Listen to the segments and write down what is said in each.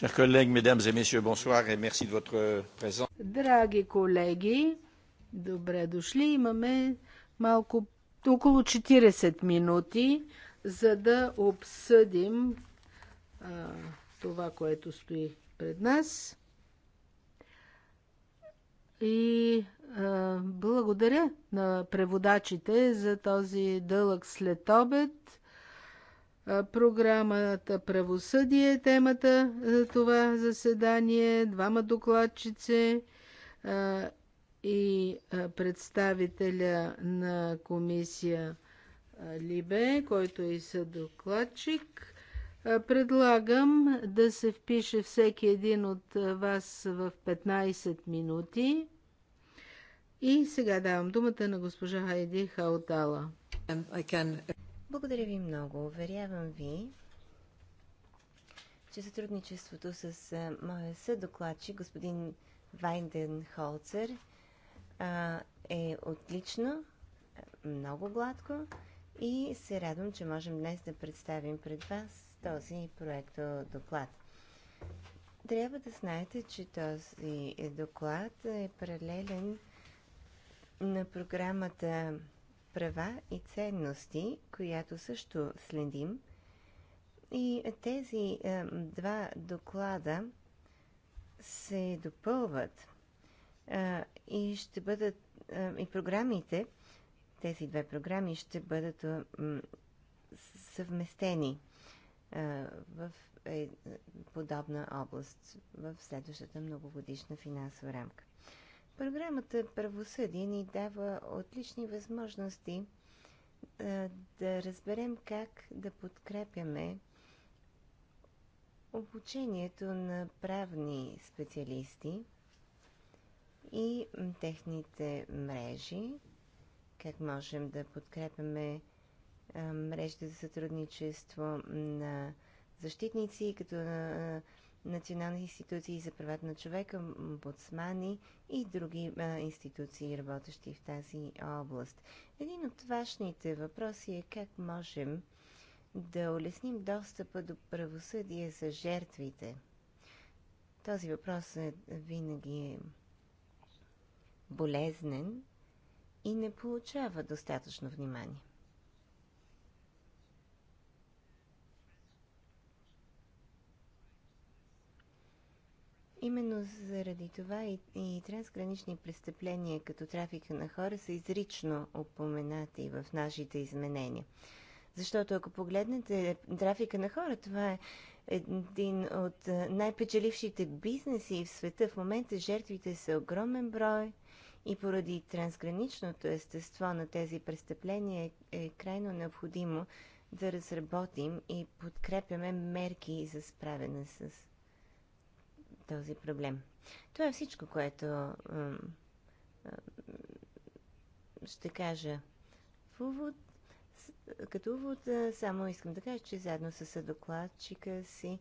Chers collègues, mesdames et messieurs, bonsoir et merci de votre présence. Драги колеги, добре дошли. Имаме малко около 40 минути, за да обсъдим а, това, което стои пред нас. И а, благодаря на преводачите за този дълъг следобед Програмата Правосъдие е темата за това заседание. Двама докладчици и представителя на комисия Либе, който и съдокладчик. Предлагам да се впише всеки един от вас в 15 минути. И сега давам думата на госпожа Хайди Хаутала. Um, can... Благодаря ви много. Уверявам ви, че сътрудничеството с моя съдокладчик, господин Вайнден Холцер, е отлично, много гладко и се радвам, че можем днес да представим пред вас този проект доклад. Трябва да знаете, че този доклад е паралелен на програмата права и ценности, която също следим. И тези е, два доклада се допълват е, и ще бъдат е, и програмите, тези две програми ще бъдат е, съвместени е, в е, подобна област в следващата многогодишна финансова рамка. Програмата Правосъдие ни дава отлични възможности да, е, да разберем как да подкрепяме обучението на правни специалисти и техните мрежи, как можем да подкрепяме е, мрежите за сътрудничество на защитници, като на е, национални институции за правата на човека, омбудсмани и други а, институции, работещи в тази област. Един от важните въпроси е как можем да улесним достъпа до правосъдие за жертвите. Този въпрос е винаги е болезнен и не получава достатъчно внимание. Именно заради това и, и трансгранични престъпления като трафика на хора са изрично упоменати в нашите изменения. Защото ако погледнете трафика на хора, това е един от най-печелившите бизнеси в света. В момента жертвите са огромен брой и поради трансграничното естество на тези престъпления е крайно необходимо да разработим и подкрепяме мерки за справяне с този проблем. Това е всичко, което ще кажа в увод. Като увод, само искам да кажа, че заедно с съдокладчика си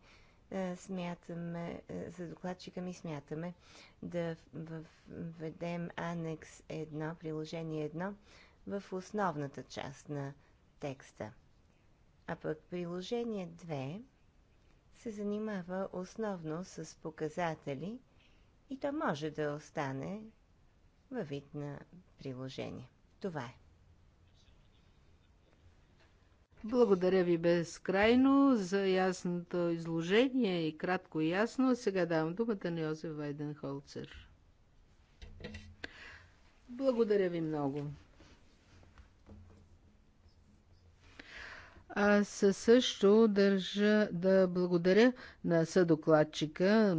смятаме, за докладчика ми смятаме да введем анекс 1, приложение 1 в основната част на текста. А пък приложение 2 се занимава основно с показатели и то може да остане във вид на приложение. Това е. Благодаря ви безкрайно за ясното изложение и кратко и ясно. Сега давам думата на Йозеф Вайденхолцер. Благодаря ви много. Аз също държа да благодаря на съдокладчика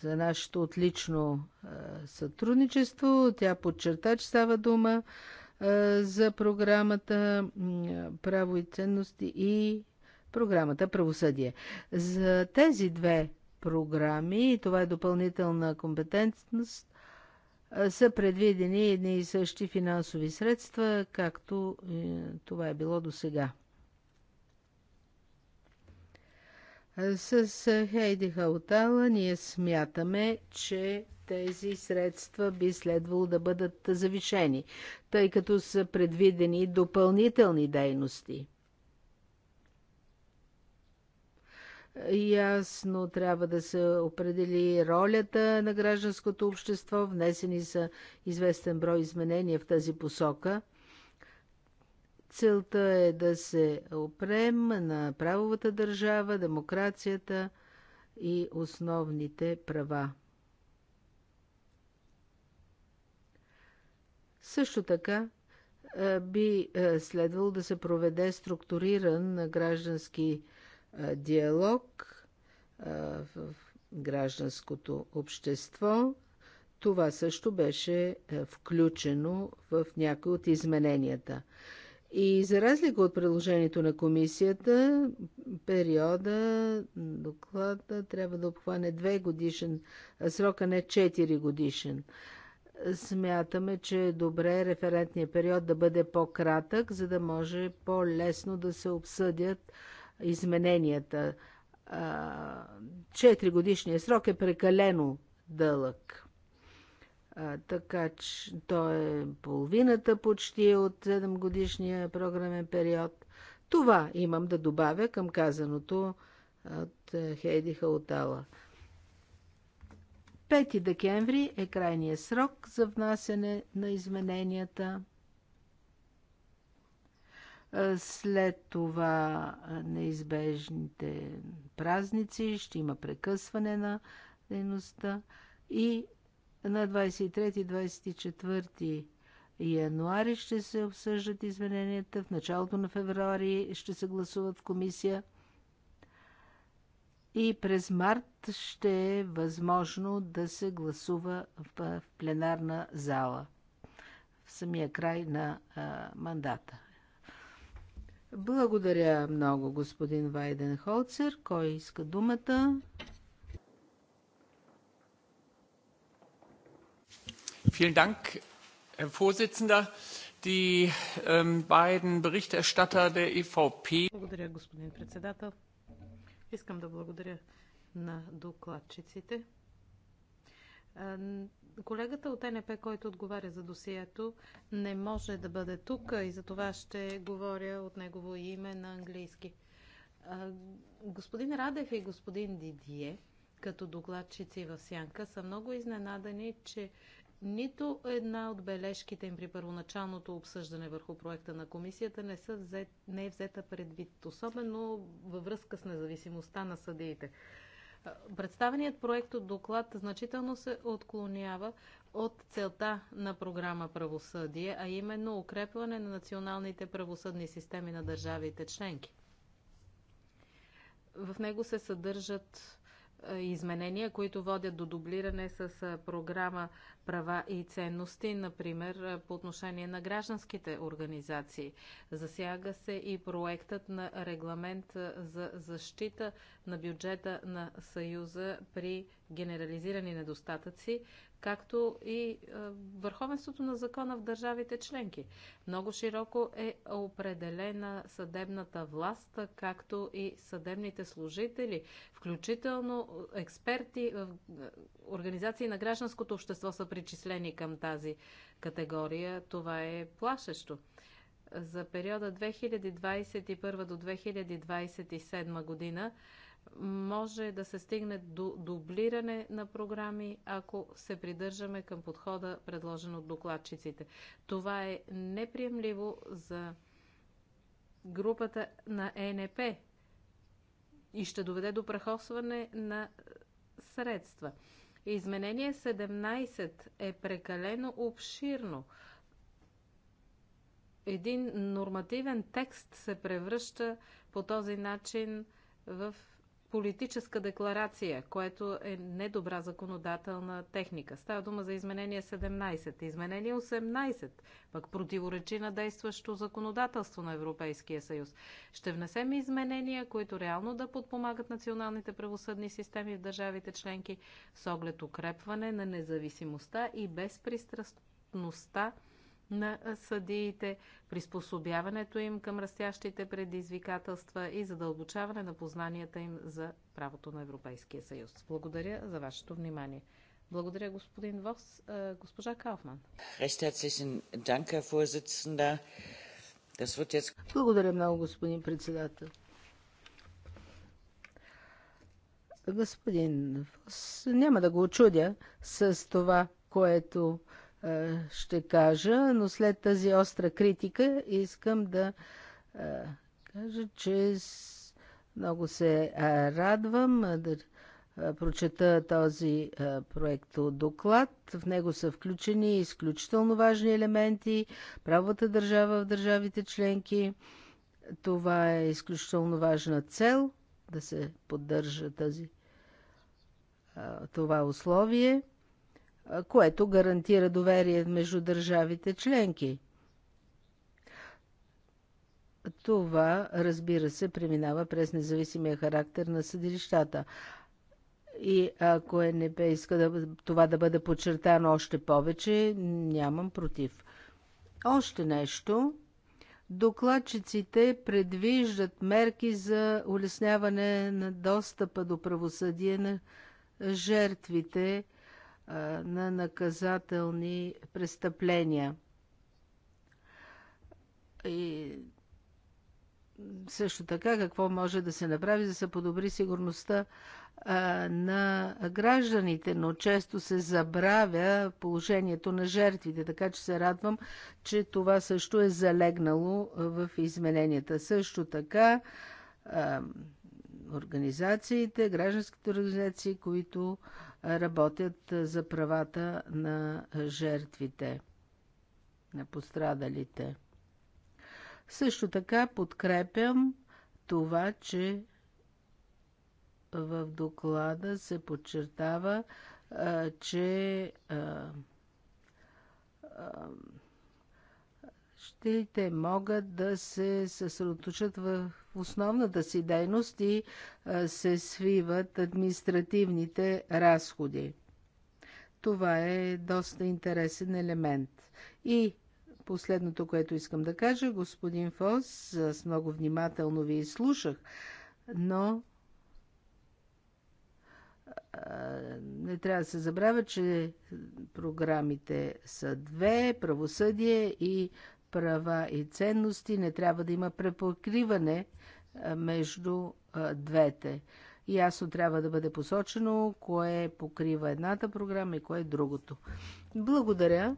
за нашето отлично сътрудничество. Тя подчерта, че става дума за програмата Право и ценности и програмата Правосъдие. За тези две програми, това е допълнителна компетентност, са предвидени едни и същи финансови средства, както е, това е било до сега. С Хейди Хаутала ние смятаме, че тези средства би следвало да бъдат завишени, тъй като са предвидени допълнителни дейности. Ясно трябва да се определи ролята на гражданското общество. Внесени са известен брой изменения в тази посока. Целта е да се опрем на правовата държава, демокрацията и основните права. Също така е, би е, следвало да се проведе структуриран граждански диалог в гражданското общество. Това също беше е, включено в някои от измененията. И за разлика от предложението на комисията, периода, доклада трябва да обхване 2 годишен срок, а не 4 годишен. Смятаме, че е добре референтният период да бъде по-кратък, за да може по-лесно да се обсъдят измененията. годишния срок е прекалено дълъг. Така че то е половината почти от 7 годишния програмен период. Това имам да добавя към казаното от Хейди Хаутала. 5 декември е крайният срок за внасяне на измененията. След това неизбежните празници, ще има прекъсване на дейността и на 23-24 януари ще се обсъждат измененията, в началото на февруари ще се гласуват в комисия и през март ще е възможно да се гласува в пленарна зала в самия край на мандата. Благодаря много, господин Вайденхолцер. Кой иска думата? Vielen Dank, Herr Vorsitzender. Die ähm, beiden Berichterstatter der EVP. Благодаря, господин председател. Искам да благодаря на докладчиците. Колегата от НП, който отговаря за досието, не може да бъде тук и за това ще говоря от негово име на английски. Господин Радев и господин Дидие, като докладчици в Сянка, са много изненадани, че нито една от бележките им при първоначалното обсъждане върху проекта на комисията не, са взет, не е взета предвид, особено във връзка с независимостта на съдиите. Представеният проект от доклад значително се отклонява от целта на програма Правосъдие, а именно укрепване на националните правосъдни системи на държавите членки. В него се съдържат е, изменения, които водят до дублиране с е, програма права и ценности, например е, по отношение на гражданските организации. Засяга се и проектът на регламент за защита на бюджета на Съюза при генерализирани недостатъци, както и върховенството на закона в държавите членки. Много широко е определена съдебната власт, както и съдебните служители, включително експерти в организации на гражданското общество са причислени към тази категория. Това е плашещо за периода 2021 до 2027 година може да се стигне до дублиране на програми, ако се придържаме към подхода, предложен от докладчиците. Това е неприемливо за групата на ЕНП и ще доведе до прахосване на средства. Изменение 17 е прекалено обширно. Един нормативен текст се превръща по този начин в политическа декларация, което е недобра законодателна техника. Става дума за изменение 17. Изменение 18 пък противоречи на действащо законодателство на Европейския съюз. Ще внесем изменения, които реално да подпомагат националните правосъдни системи в държавите членки с оглед укрепване на независимостта и безпристрастността на съдиите, приспособяването им към растящите предизвикателства и задълбочаване на познанията им за правото на Европейския съюз. Благодаря за вашето внимание. Благодаря, господин Вос. Е, госпожа Кауфман. Благодаря много, господин председател. Господин Вос, няма да го очудя с това, което е, ще кажа, но след тази остра критика искам да е, кажа, че много се е, радвам да прочета този проект доклад. В него са включени изключително важни елементи, правата държава в държавите членки. Това е изключително важна цел да се поддържа тази, това условие – което гарантира доверие между държавите членки. Това, разбира се, преминава през независимия характер на съдилищата. И ако е бе иска да, това да бъде подчертано още повече, нямам против. Още нещо. Докладчиците предвиждат мерки за улесняване на достъпа до правосъдие на жертвите на наказателни престъпления. И също така какво може да се направи, за да се подобри сигурността на гражданите, но често се забравя положението на жертвите, така че се радвам, че това също е залегнало в измененията. Също така организациите, гражданските организации, които работят за правата на жертвите, на пострадалите. Също така подкрепям това, че в доклада се подчертава, че щите могат да се съсредоточат в основната си дейност и се свиват административните разходи. Това е доста интересен елемент. И последното, което искам да кажа, господин Фос, аз много внимателно ви изслушах, но не трябва да се забравя, че програмите са две правосъдие и права и ценности. Не трябва да има препокриване между двете. Ясно трябва да бъде посочено кое покрива едната програма и кое е другото. Благодаря.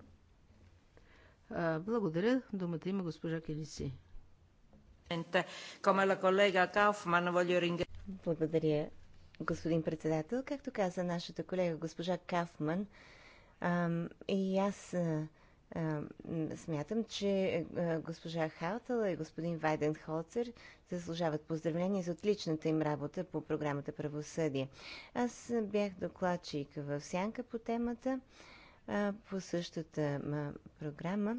Благодаря. Думата има госпожа Кириси. Благодаря, господин председател. Както каза нашата колега госпожа Кафман, и аз е, смятам, че е, е, госпожа Хаутала и господин Вайден Холцер заслужават поздравления за отличната им работа по програмата Правосъдие. Аз бях докладчик в Сянка по темата, по същата програма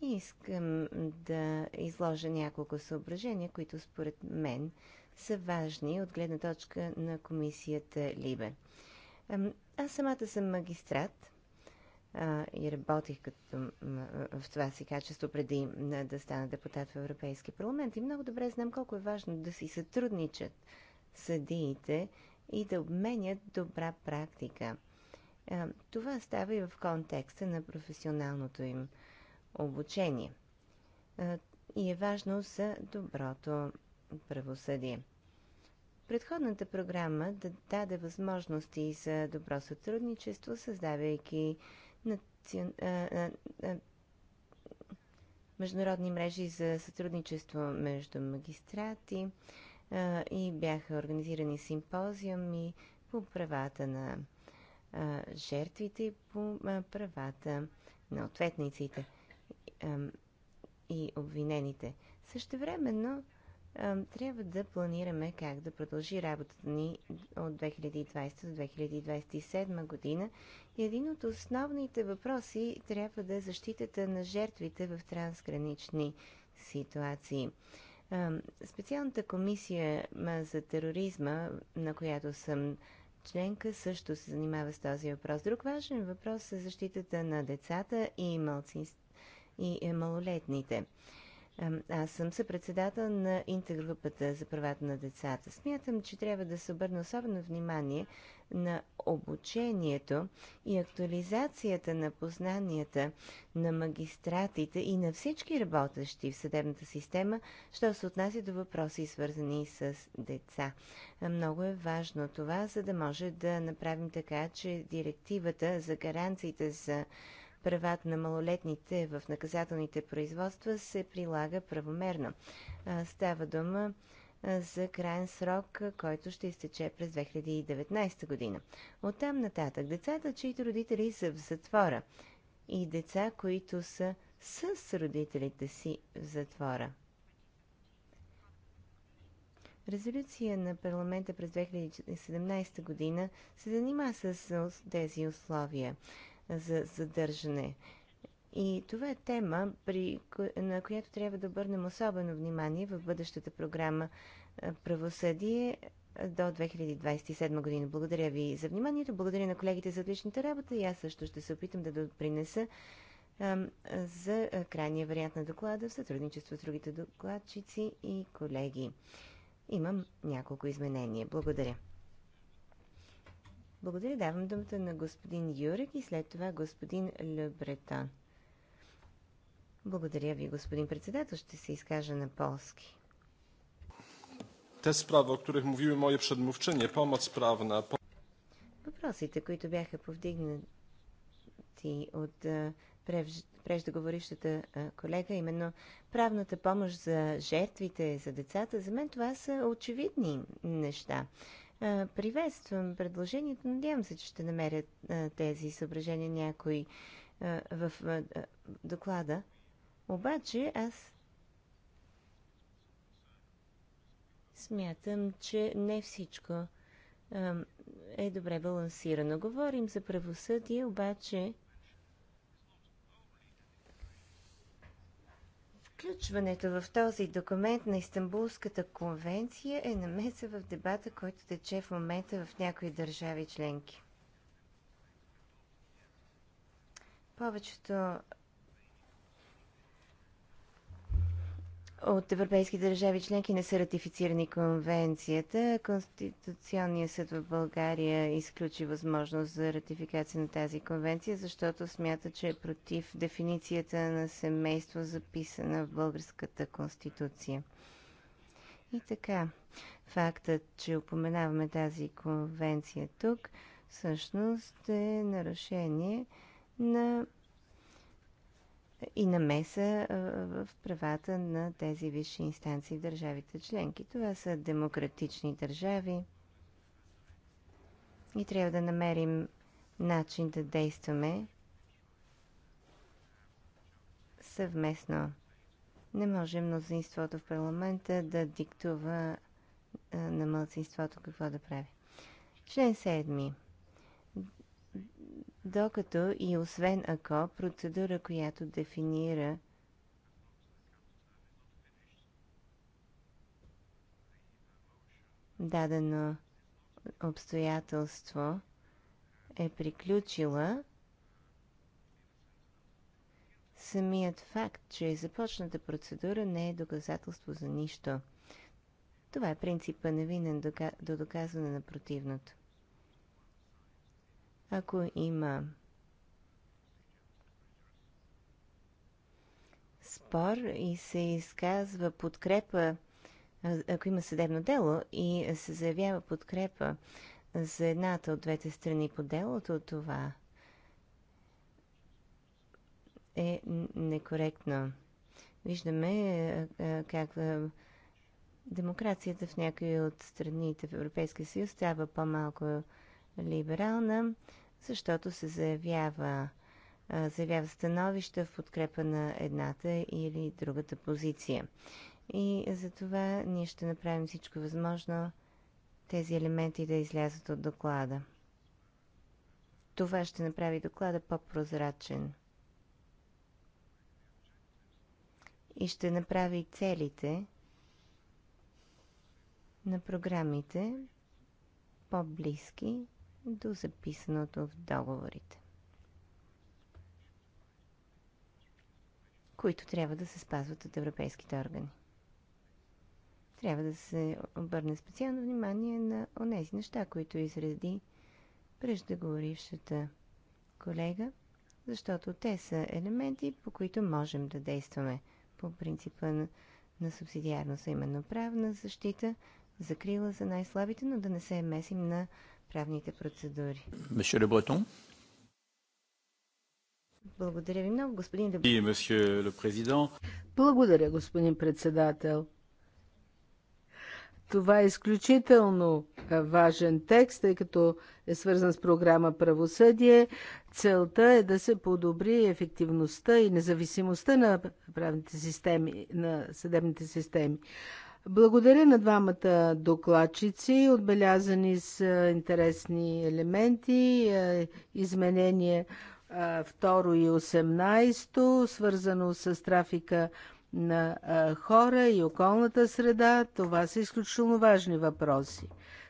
и искам да изложа няколко съображения, които според мен са важни от гледна точка на комисията Либе. Аз самата съм магистрат а, и работих като, в това си качество преди да стана депутат в Европейския парламент. И много добре знам колко е важно да си сътрудничат съдиите и да обменят добра практика. А, това става и в контекста на професионалното им обучение. А, и е важно за доброто правосъдие. Предходната програма даде възможности за добро сътрудничество, създавайки а, а, а, международни мрежи за сътрудничество между магистрати а, и бяха организирани симпозиуми по правата на а, жертвите и по а, правата на ответниците а, и обвинените. Същевременно, времено трябва да планираме как да продължи работата ни от 2020 до 2027 година. И един от основните въпроси трябва да е защитата на жертвите в трансгранични ситуации. Специалната комисия за тероризма, на която съм членка, също се занимава с този въпрос. Друг важен въпрос е защитата на децата и, малци... и е, малолетните. Аз съм съпредседател на интергрупата за правата на децата. Смятам, че трябва да се обърне особено внимание на обучението и актуализацията на познанията на магистратите и на всички работещи в съдебната система, що се отнася до въпроси, свързани с деца. Много е важно това, за да може да направим така, че директивата за гаранциите за правата на малолетните в наказателните производства се прилага правомерно. Става дума за крайен срок, който ще изтече през 2019 година. Оттам нататък децата, чието родители са в затвора и деца, които са с родителите си в затвора. Резолюция на парламента през 2017 година се занима с тези условия за задържане. И това е тема, при, на която трябва да обърнем особено внимание в бъдещата програма Правосъдие до 2027 година. Благодаря ви за вниманието, благодаря на колегите за отличната работа и аз също ще се опитам да допринеса за крайния вариант на доклада в сътрудничество с другите докладчици и колеги. Имам няколко изменения. Благодаря. Благодаря. Давам думата на господин Юрик и след това господин Лебретан. Благодаря ви, господин председател. Ще се изкажа на полски. Те справа, о których mówiły moje przedmówczynie, pomoc правна. Въпросите, които бяха повдигнати от е, преждеговорившата е, колега, именно правната помощ за жертвите, за децата, за мен това са очевидни неща. Е, приветствам предложението. Надявам се, че ще намерят е, тези съображения някои е, в доклада. Обаче аз смятам, че не всичко е добре балансирано. Говорим за правосъдие, обаче Включването в този документ на Истанбулската конвенция е намеса в дебата, който тече в момента в някои държави членки. Повечето от европейски държави членки не са ратифицирани конвенцията. Конституционният съд в България изключи възможност за ратификация на тази конвенция, защото смята, че е против дефиницията на семейство, записана в българската конституция. И така, фактът, че упоменаваме тази конвенция тук, всъщност е нарушение на и намеса в правата на тези висши инстанции в държавите членки. Това са демократични държави и трябва да намерим начин да действаме съвместно. Не може мнозинството в парламента да диктува на мълцинството какво да прави. Член 7 докато и освен ако процедура, която дефинира дадено обстоятелство е приключила, самият факт, че е започната процедура не е доказателство за нищо. Това е принципа невинен до доказване на противното. Ако има спор и се изказва подкрепа, ако има съдебно дело и се заявява подкрепа за едната от двете страни по делото, това е некоректно. Виждаме как демокрацията в някои от страните в Европейския съюз става по-малко либерална, защото се заявява, заявява становища в подкрепа на едната или другата позиция. И за това ние ще направим всичко възможно тези елементи да излязат от доклада. Това ще направи доклада по-прозрачен. И ще направи целите на програмите по-близки до записаното в договорите, които трябва да се спазват от европейските органи. Трябва да се обърне специално внимание на онези неща, които изреди преждеговорившата колега, защото те са елементи, по които можем да действаме по принципа на, на субсидиарност, именно правна защита, закрила за най-слабите, но да не се месим на правните процедури. Месье Лебретон. Благодаря ви много, господин Лебретон. Благодаря, господин председател. Това е изключително важен текст, тъй като е свързан с програма Правосъдие. Целта е да се подобри ефективността и независимостта на правните системи, на съдебните системи. Благодаря на двамата докладчици. Отбелязани са интересни елементи, е, изменение е, второ и 18, свързано с трафика на е, хора и околната среда. Това са изключително важни въпроси.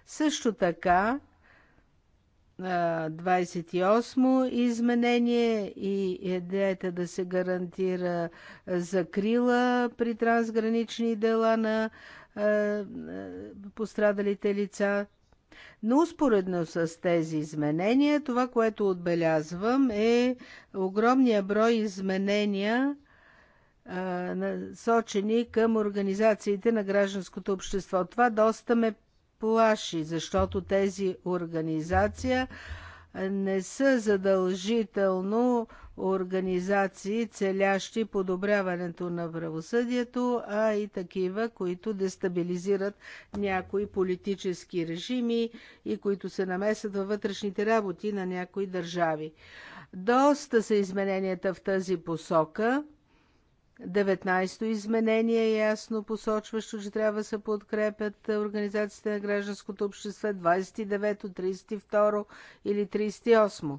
Също така 28 изменение и идеята да се гарантира закрила при трансгранични дела на пострадалите лица. Но успоредно с тези изменения, това, което отбелязвам е огромния брой изменения, насочени към организациите на гражданското общество. Това доста ме плаши, защото тези организации не са задължително организации, целящи подобряването на правосъдието, а и такива, които дестабилизират някои политически режими и които се намесят във вътрешните работи на някои държави. Доста са измененията в тази посока. 19-то изменение е ясно посочващо, че трябва да се подкрепят организациите на гражданското общество, 29-то, 32 то или 38 то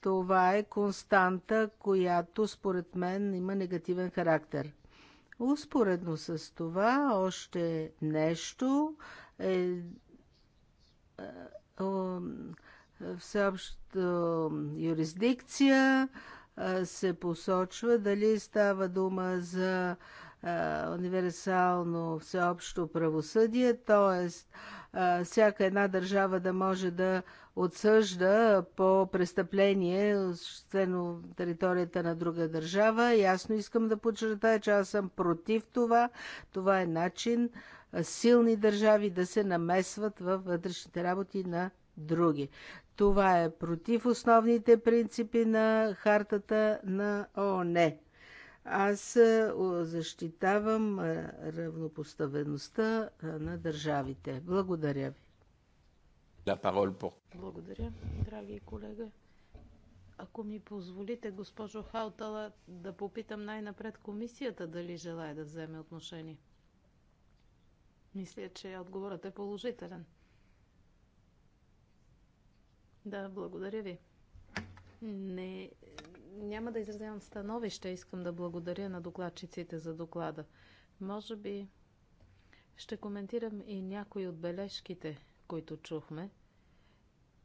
Това е константа, която според мен има негативен характер. Успоредно с това още нещо е, е, е всеобща юрисдикция, се посочва дали става дума за универсално всеобщо правосъдие, т.е. всяка една държава да може да отсъжда по престъпление, осъществено в територията на друга държава. Ясно искам да подчертая, че аз съм против това. Това е начин силни държави да се намесват във вътрешните работи на други. Това е против основните принципи на хартата на ООН. Аз е, защитавам е, равнопоставеността е, на държавите. Благодаря ви. Благодаря, драги колега. Ако ми позволите, госпожо Хаутала, да попитам най-напред комисията дали желая да вземе отношение. Мисля, че отговорът е положителен. Да, благодаря ви. Не, няма да изразявам становище. Искам да благодаря на докладчиците за доклада. Може би ще коментирам и някои от бележките, които чухме.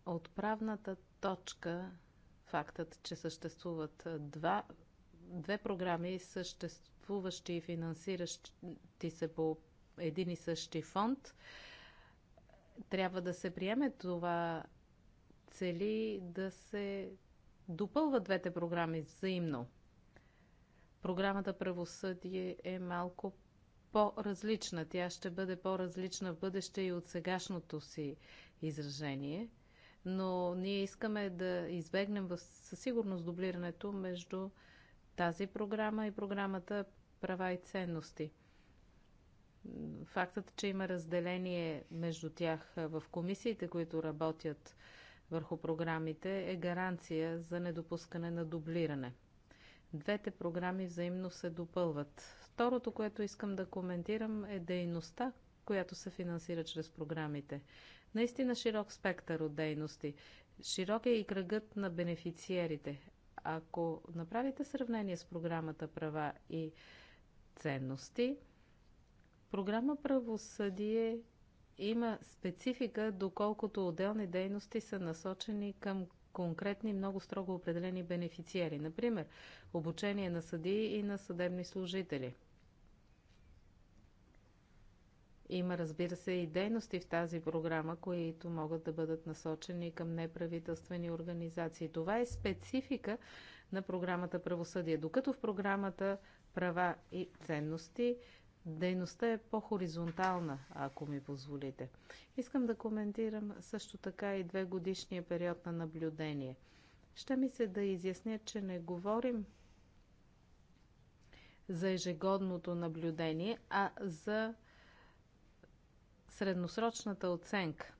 Отправната точка, фактът, че съществуват два, две програми, съществуващи и финансиращи се по един и същи фонд, трябва да се приеме това цели да се допълват двете програми взаимно. Програмата Правосъдие е малко по-различна. Тя ще бъде по-различна в бъдеще и от сегашното си изражение. Но ние искаме да избегнем със сигурност дублирането между тази програма и програмата Права и ценности. Фактът, че има разделение между тях в комисиите, които работят върху програмите е гаранция за недопускане на дублиране. Двете програми взаимно се допълват. Второто, което искам да коментирам е дейността, която се финансира чрез програмите. Наистина широк спектър от дейности. Широк е и кръгът на бенефициерите. Ако направите сравнение с програмата Права и ценности, програма Правосъдие има специфика, доколкото отделни дейности са насочени към конкретни, много строго определени бенефициери. Например, обучение на съдии и на съдебни служители. Има, разбира се, и дейности в тази програма, които могат да бъдат насочени към неправителствени организации. Това е специфика на програмата Правосъдие. Докато в програмата Права и ценности Дейността е по-хоризонтална, ако ми позволите. Искам да коментирам също така и две годишния период на наблюдение. Ще ми се да изясня, че не говорим за ежегодното наблюдение, а за средносрочната оценка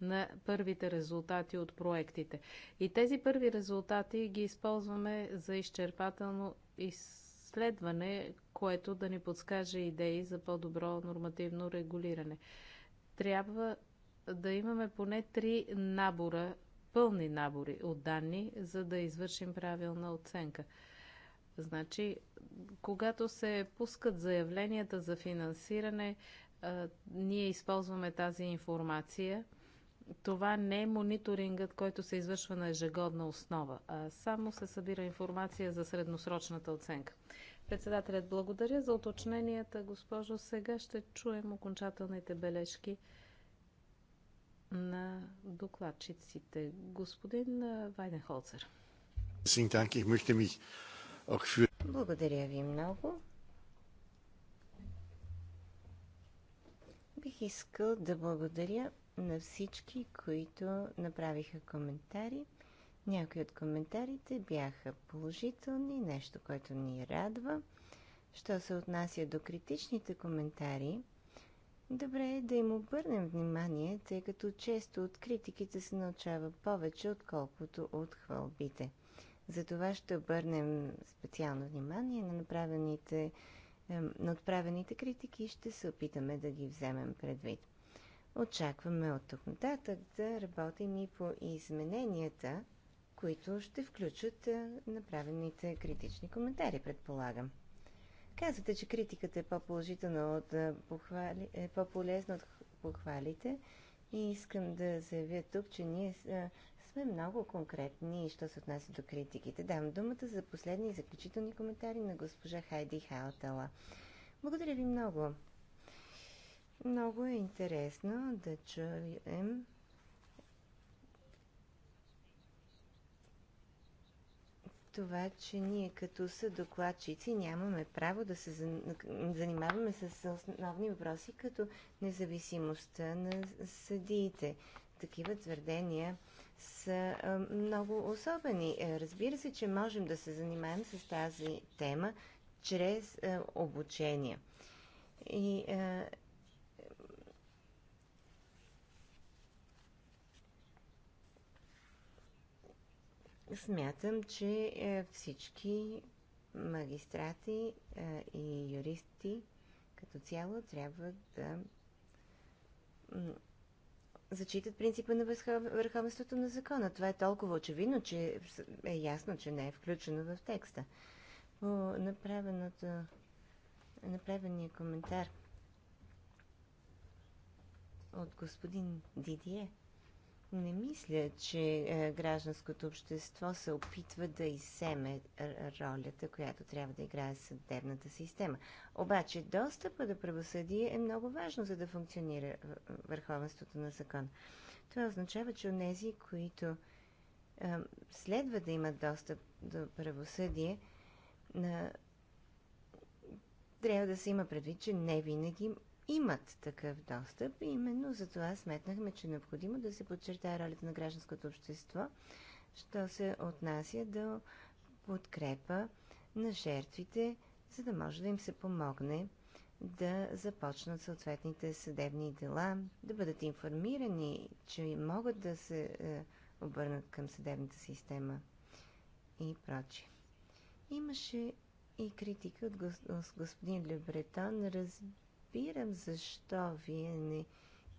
на първите резултати от проектите. И тези първи резултати ги използваме за изчерпателно изследване изследване, което да ни подскаже идеи за по-добро нормативно регулиране. Трябва да имаме поне три набора, пълни набори от данни, за да извършим правилна оценка. Значи, когато се пускат заявленията за финансиране, ние използваме тази информация – това не е мониторингът, който се извършва на ежегодна основа, а само се събира информация за средносрочната оценка. Председателят, благодаря за уточненията, госпожо. Сега ще чуем окончателните бележки на докладчиците. Господин Вайденхолцер. Благодаря ви много. Бих искал да благодаря на всички, които направиха коментари. Някои от коментарите бяха положителни, нещо, което ни радва. Що се отнася до критичните коментари, добре е да им обърнем внимание, тъй като често от критиките се научава повече, отколкото от хвалбите. Затова ще обърнем специално внимание на направените на отправените критики ще се опитаме да ги вземем предвид. Очакваме от тук нататък да работим и по измененията, които ще включат е, направените критични коментари, предполагам. Казвате, че критиката е по-положителна от е, похвали, е по-полезна от похвалите и искам да заявя тук, че ние е, сме много конкретни, и що се отнася до критиките. Давам думата за последни и заключителни коментари на госпожа Хайди Хаутала. Благодаря ви много. Много е интересно да чуем това, че ние като са докладчици нямаме право да се занимаваме с основни въпроси, като независимостта на съдиите. Такива твърдения са много особени. Е, разбира се, че можем да се занимаем с тази тема чрез обучение. И смятам, че е, всички магистрати е, и юристи като цяло трябва да зачитат принципа на върховенството на закона. Това е толкова очевидно, че е ясно, че не е включено в текста. По направеното, направения коментар от господин Дидие. Не мисля, че е, гражданското общество се опитва да изсеме е, ролята, която трябва да играе съдебната система. Обаче достъпа до правосъдие е много важно, за да функционира е, върховенството на закон. Това означава, че онези, които следва да имат достъп до правосъдие, трябва да се има предвид, че не винаги имат такъв достъп. И именно за това сметнахме, че е необходимо да се подчертая ролята на гражданското общество, що се отнася до подкрепа на жертвите, за да може да им се помогне да започнат съответните съдебни дела, да бъдат информирани, че могат да се е, обърнат към съдебната система и прочие. Имаше и критика от господин Лебретон. Разбира разбирам защо вие не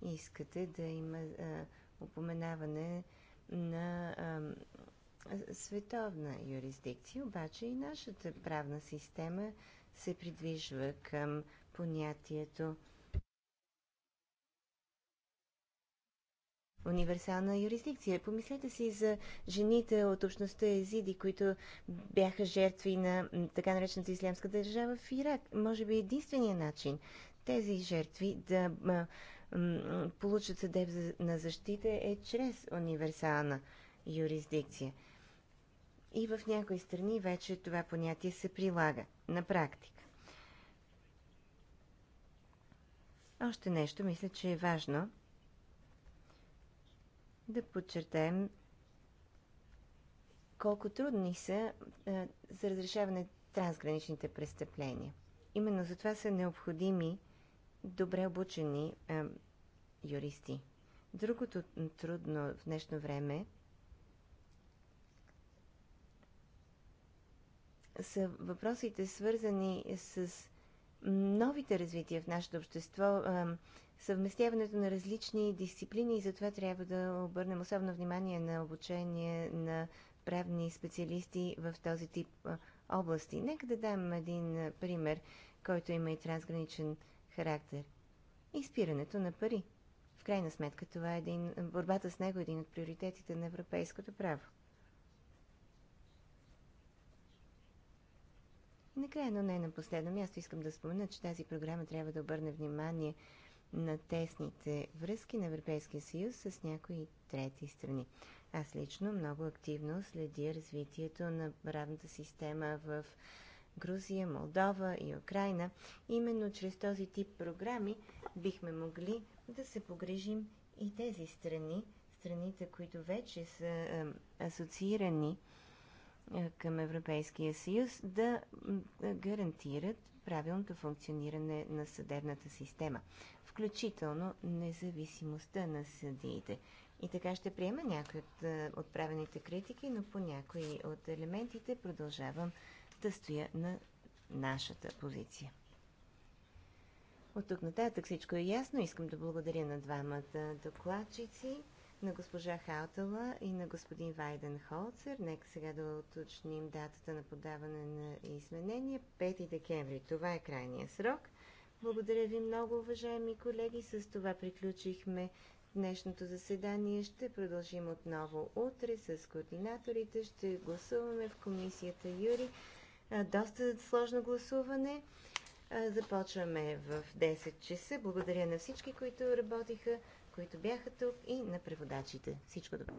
искате да има а, упоменаване на а, световна юрисдикция, обаче и нашата правна система се придвижва към понятието универсална юрисдикция. Помислете си за жените от общността езиди, които бяха жертви на така наречената ислямска държава в Ирак. Може би единствения начин тези жертви да получат съдеб на защита е чрез универсална юрисдикция. И в някои страни вече това понятие се прилага на практика. Още нещо мисля, че е важно да подчертаем колко трудни са а, за разрешаване трансграничните престъпления. Именно затова са необходими добре обучени а, е, юристи. Другото трудно в днешно време са въпросите свързани с новите развития в нашето общество, е, съвместяването на различни дисциплини и затова трябва да обърнем особено внимание на обучение на правни специалисти в този тип е, области. Нека да дам един пример, който има и трансграничен характер. Изпирането на пари. В крайна сметка това е един, борбата с него е един от приоритетите на европейското право. И накрая, но не на последно място, искам да спомена, че тази програма трябва да обърне внимание на тесните връзки на Европейския съюз с някои трети страни. Аз лично много активно следя развитието на правната система в Грузия, Молдова и Украина. Именно чрез този тип програми бихме могли да се погрижим и тези страни, страните, които вече са асоциирани към Европейския съюз, да гарантират правилното функциониране на съдебната система, включително независимостта на съдиите. И така ще приема някои от отправените критики, но по някои от елементите продължавам да стоя на нашата позиция. От тук нататък всичко е ясно. Искам да благодаря на двамата докладчици, на госпожа Хаутала и на господин Вайден Холцер. Нека сега да уточним датата на подаване на изменения. 5 декември. Това е крайния срок. Благодаря ви много, уважаеми колеги. С това приключихме днешното заседание. Ще продължим отново утре с координаторите. Ще гласуваме в комисията Юри доста сложно гласуване. Започваме в 10 часа. Благодаря на всички, които работиха, които бяха тук и на преводачите. Всичко добро!